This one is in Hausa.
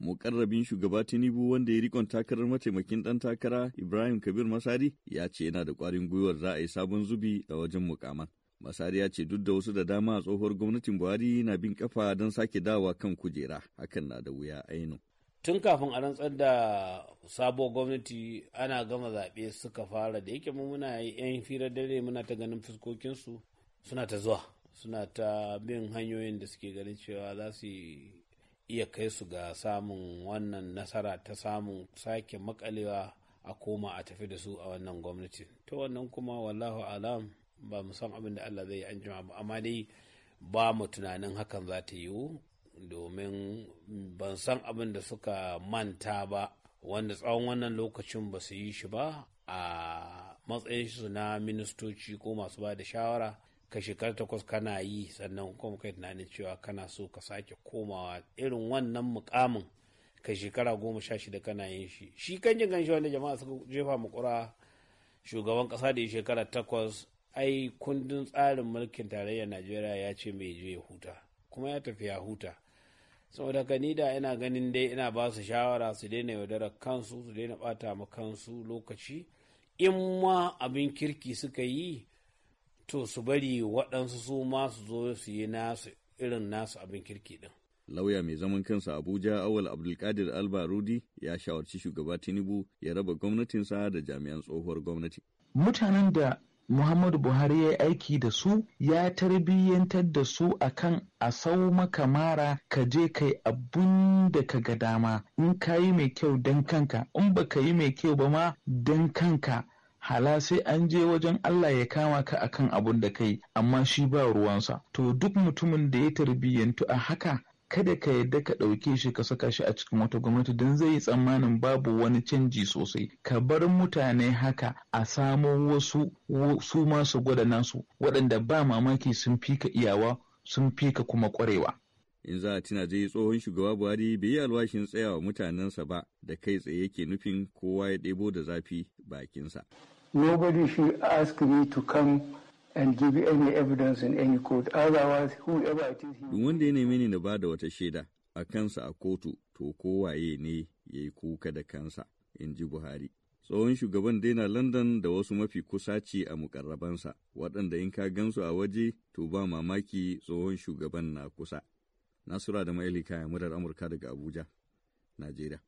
mukarrabin shugaba tinubu wanda ya rikon takarar mataimakin dan takara ibrahim kabir masari ya ce yana da kwarin gwiwar za a yi sabon zubi a wajen mukaman masari ya ce duk da wasu da dama a tsohuwar gwamnatin buhari na bin kafa don sake dawa kan kujera hakan na da wuya ainu tun kafin a rantsar da sabo gwamnati ana gama zaɓe suka fara da yake muna yan firar dare muna ta ganin fuskokinsu suna ta zuwa suna ta bin hanyoyin da suke ganin cewa za su yi iya kai su ga samun wannan nasara ta samun sake makalewa a koma a tafi da su a wannan gwamnati ta wannan kuma wallahu alam ba mu san abin da Allah zai yi an jima ba amma dai ba mu tunanin hakan za ta yiwu domin ban san abin da suka manta ba wanda tsawon wannan lokacin ba su yi shi ba a matsayin su na ministoci ko masu ba da shawara ka shekara takwas kana yi sannan kuma kai tunanin cewa kana so ka sake komawa irin wannan mukamin ka shekara goma sha shida kana yin shi shi kan jin ganshi wanda jama'a suka jefa kura shugaban kasa da ya shekara takwas ai kundin tsarin mulkin tarayyar najeriya ya ce mai je huta kuma ya tafi ya huta saboda ka ni da ina ganin dai ina ba su shawara su daina yaudarar kansu su daina bata ma kansu lokaci in ma abin kirki suka yi to su bari waɗansu su ma su zo su yi nasu irin nasu abin kirki ɗin. Lauya mai zaman kansa Abuja Awal Abdulkadir Alba Rudi ya shawarci shugaba Tinubu ya raba gwamnatinsa da jami'an tsohuwar gwamnati. Mutanen da Muhammadu Buhari ya yi aiki da su ya tarbiyyantar da su akan a sau maka mara ka je kai abun da ka ga dama in ka yi mai kyau don kanka in ba ka yi mai kyau ba ma don kanka hala sai an je wajen Allah ya kama ka akan abun da kai amma shi ba ruwansa to duk mutumin da ya tarbiyyantu a haka kada ka yadda ka ɗauke shi ka saka shi a cikin wata gwamnati don zai yi tsammanin babu wani canji sosai ka bar mutane haka a samo wasu su masu gwada nasu waɗanda ba mamaki sun fi ka iyawa sun fi ka kuma ƙwarewa in za a tuna yi tsohon shugaba buhari bai yi alwashin tsayawa mutanensa ba da kai tsaye yake nufin kowa ya ɗebo da zafi bakinsa Nobody should ask me to come and give any evidence in any court. Otherwise, whoever it is. He... Wanda ya neme ni na bada wata shaida a kansa a kotu to kowaye ne ya yi kuka da kansa, in ji Buhari. tsohon shugaban daina London da wasu mafi kusa ce a mukarrabansa, waɗanda in ka gansu a waje to ba mamaki tsohon shugaban na kusa. Nasura da Ma'ili Kaya, Murar Amurka daga Abuja, Najeriya.